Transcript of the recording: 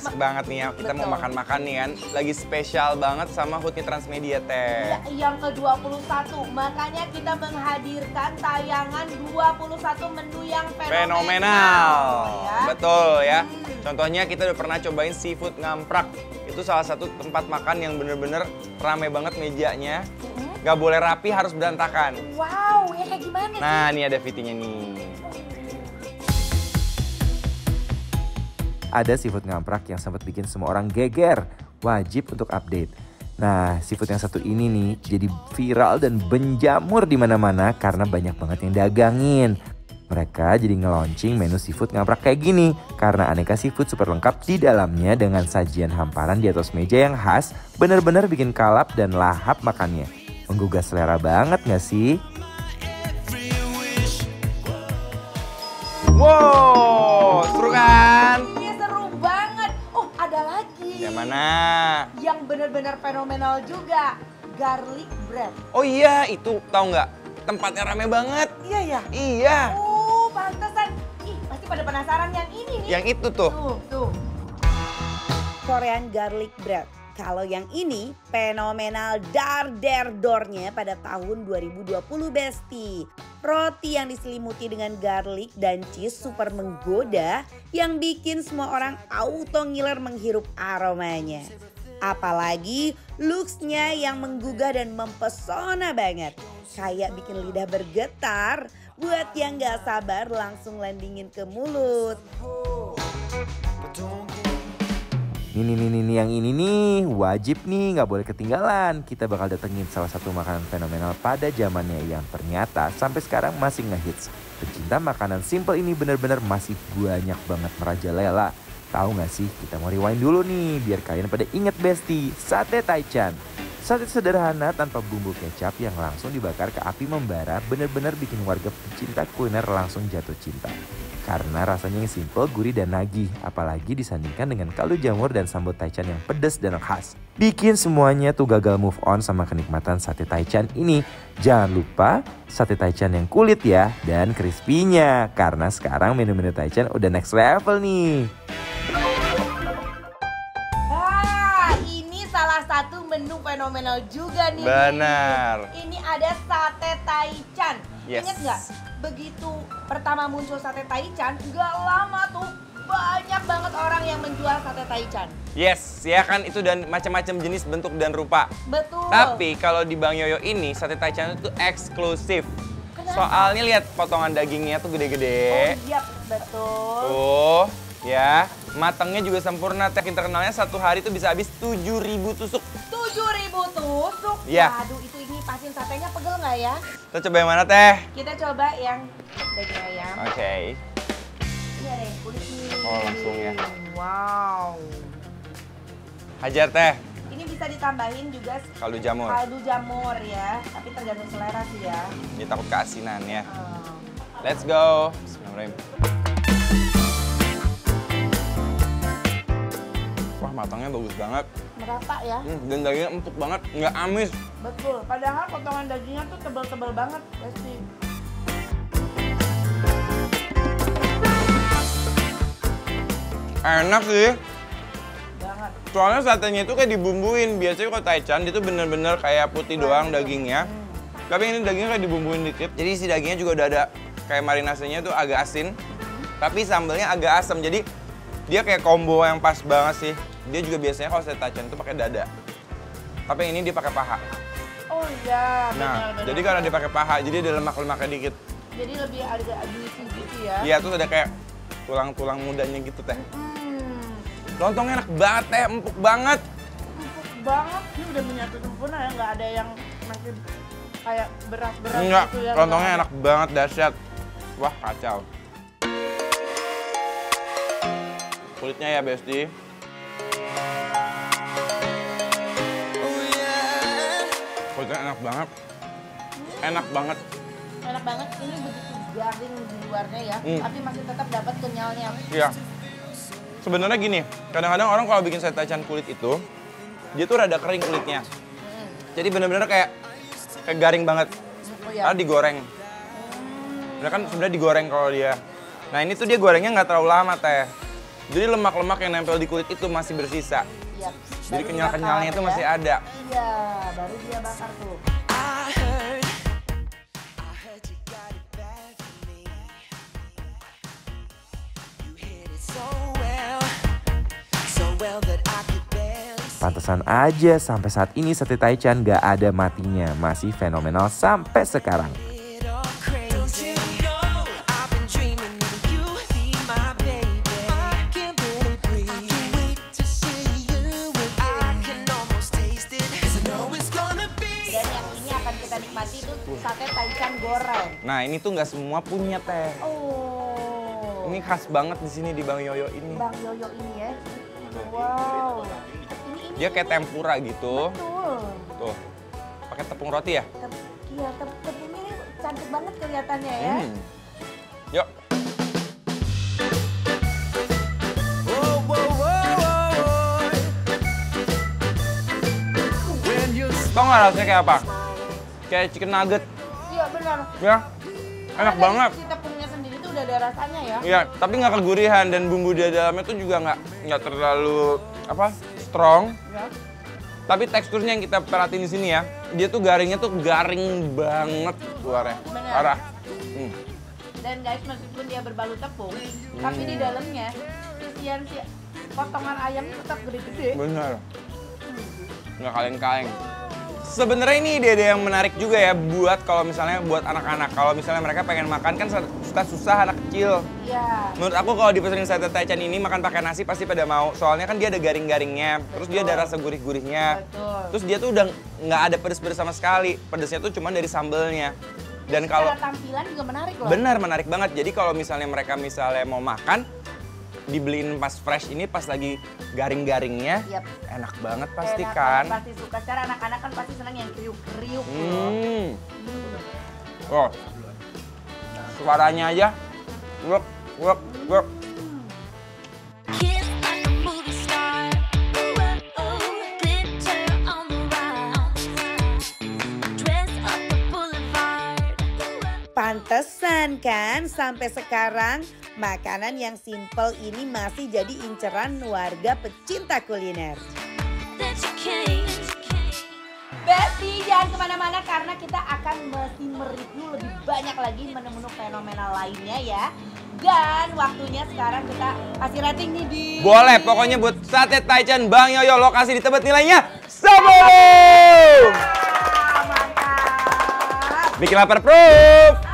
asik banget nih ya. Kita Betul. mau makan-makan nih kan. Lagi spesial banget sama Hutni Transmedia teh. Ya, yang ke-21. Makanya kita menghadirkan tayangan 21 menu yang fenomenal. Fenomenal. Ya. Betul ya. Hmm. Contohnya kita udah pernah cobain seafood ngamprak. Itu salah satu tempat makan yang bener-bener rame banget mejanya. Hmm. Gak boleh rapi, harus berantakan. Wow, ya kayak gimana Nah, ini ada fitinya nih. Oh, ada seafood ngamprak yang sempat bikin semua orang geger. Wajib untuk update. Nah, seafood yang satu ini nih jadi viral dan benjamur di mana-mana karena banyak banget yang dagangin. Mereka jadi nge-launching menu seafood ngamprak kayak gini karena aneka seafood super lengkap di dalamnya dengan sajian hamparan di atas meja yang khas benar-benar bikin kalap dan lahap makannya. Menggugah selera banget gak sih? Wow! Mana? Yang benar-benar fenomenal juga, garlic bread. Oh iya, itu tau nggak? Tempatnya rame banget. Iya ya. Iya. Oh, pantesan. Ih, pasti pada penasaran yang ini nih. Yang itu tuh. Tuh, tuh. Korean garlic bread. Kalau yang ini fenomenal dar der dornya pada tahun 2020 Besti. Roti yang diselimuti dengan garlic dan cheese super menggoda yang bikin semua orang auto ngiler menghirup aromanya. Apalagi looksnya yang menggugah dan mempesona banget. Kayak bikin lidah bergetar buat yang gak sabar langsung landingin ke mulut. Nih, nih, nih, nih, yang ini nih wajib nih, nggak boleh ketinggalan. Kita bakal datengin salah satu makanan fenomenal pada zamannya yang ternyata sampai sekarang masih ngehits. Pecinta makanan simple ini benar-benar masih banyak banget merajalela. Tahu nggak sih, kita mau rewind dulu nih, biar kalian pada inget besti, sate taichan. Sate sederhana tanpa bumbu kecap yang langsung dibakar ke api membara benar-benar bikin warga pecinta kuliner langsung jatuh cinta karena rasanya yang simple, gurih, dan nagih. Apalagi disandingkan dengan kaldu jamur dan sambal taichan yang pedas dan khas. Bikin semuanya tuh gagal move on sama kenikmatan sate taichan ini. Jangan lupa sate taichan yang kulit ya dan crispy-nya. Karena sekarang menu-menu taichan udah next level nih. ini salah satu menu fenomenal juga nih. Benar. Ini ada sate taichan. Yes. Ingat nggak begitu pertama muncul sate taichan, gak lama tuh banyak banget orang yang menjual sate taichan. Yes, ya kan itu dan macam-macam jenis bentuk dan rupa. Betul. Tapi kalau di Bang Yoyo ini sate taichan itu eksklusif. Kenapa? Soalnya lihat potongan dagingnya tuh gede-gede. Oh, iya, betul. oh ya. Matangnya juga sempurna. Teh internalnya satu hari tuh bisa habis 7000 tusuk tujuh ribu tusuk. Iya. Waduh, itu ini pasin satenya pegel nggak ya? Kita coba yang mana, Teh? Kita coba yang daging ayam. Ya. Oke. Okay. Ini ada yang kulit Oh, langsung ya. Wow. Hajar, Teh. Ini bisa ditambahin juga kaldu jamur. Kaldu jamur ya, tapi tergantung selera sih ya. Ini takut keasinan ya. Oh. Let's go. Bismillahirrahmanirrahim. matangnya bagus banget. Merata ya. Hmm, dan dagingnya empuk banget, nggak amis. Betul, padahal potongan dagingnya tuh tebal-tebal banget pasti. Enak sih. Banget. Soalnya satenya itu kayak dibumbuin. Biasanya kalau Taichan itu bener-bener kayak putih doang gitu. dagingnya. Hmm. Tapi ini dagingnya kayak dibumbuin dikit. Jadi si dagingnya juga udah ada kayak marinasinya tuh agak asin. Hmm. Tapi sambelnya agak asam. Jadi dia kayak combo yang pas banget sih. Dia juga biasanya kalau saya tajen itu pakai dada. Tapi yang ini dia pakai paha. Oh iya, nah, benar. Jadi karena dia pakai paha, jadi ada lemak-lemaknya dikit. Jadi lebih ada juicy gitu ya? Iya, terus ada kayak tulang-tulang mudanya gitu teh. Hmm. Lontongnya enak banget teh, empuk banget. Empuk banget, ini udah menyatu sempurna ya, nggak ada yang masih kayak berat-berat gitu ya. lontongnya enak banget, dahsyat. Wah, kacau. Kulitnya ya, Besti. Kulitnya enak banget. Enak banget. Enak banget. Ini begitu garing di luarnya ya, hmm. tapi masih tetap dapat kenyalnya. Iya. Sebenarnya gini, kadang-kadang orang kalau bikin setacan kulit itu, dia tuh rada kering kulitnya. Hmm. Jadi benar-benar kayak kayak garing banget. Oh, iya. digoreng. Hmm. kan sebenarnya digoreng kalau dia. Nah ini tuh dia gorengnya nggak terlalu lama teh. Jadi lemak-lemak yang nempel di kulit itu masih bersisa. Iya. Jadi kenyal-kenyalnya itu ya. masih ada. Iya, baru dia bakar tuh. Pantesan aja sampai saat ini sate Taichan gak ada matinya, masih fenomenal sampai sekarang. Nah ini tuh nggak semua punya teh. Oh. Ini khas banget di sini di Bang Yoyo ini. Bang Yoyo ini ya. Wow. Ini, Dia kayak tempura gitu. Betul. Tuh. Pakai tepung roti ya? iya, tep, tepungnya ini cantik banget kelihatannya ya. Hmm. Yuk. Tau gak rasanya kayak apa? Kayak chicken nugget benar. Ya. Enak banget. Kita punya sendiri tuh udah ada rasanya ya. Iya, tapi nggak kegurihan dan bumbu di dalamnya tuh juga nggak nggak terlalu apa strong. Ya. Tapi teksturnya yang kita perhatiin di sini ya, dia tuh garingnya tuh garing banget luarnya. Bener. Parah. Hmm. Dan guys, meskipun dia berbalut tepung, hmm. tapi di dalamnya isian si potongan ayam tetap gede-gede. Benar. Hmm. Nggak kaleng-kaleng. Sebenarnya ini ide-ide yang menarik juga ya buat kalau misalnya buat anak-anak. Kalau misalnya mereka pengen makan kan suka susah anak kecil. Iya. Menurut aku kalau di pesenin sate taichan ini makan pakai nasi pasti pada mau. Soalnya kan dia ada garing-garingnya, terus dia ada rasa gurih-gurihnya. Betul. Terus dia tuh udah nggak ada pedes-pedes sama sekali. Pedesnya tuh cuma dari sambelnya. Dan kalau tampilan juga menarik loh. Benar, menarik banget. Jadi kalau misalnya mereka misalnya mau makan, dibeliin pas fresh ini pas lagi garing-garingnya yep. enak banget pasti enak kan pasti suka cara anak-anak kan pasti senang yang kriuk-kriuk hmm. hmm. oh suaranya aja wuk wuk wuk heran kan sampai sekarang makanan yang simple ini masih jadi inceran warga pecinta kuliner. Besti jangan kemana-mana karena kita akan mesti mereview lebih banyak lagi menu-menu fenomena lainnya ya. Dan waktunya sekarang kita kasih rating nih di... Boleh, pokoknya buat Sate Taichan Bang Yoyo lokasi di tempat nilainya 10! Bikin lapar proof!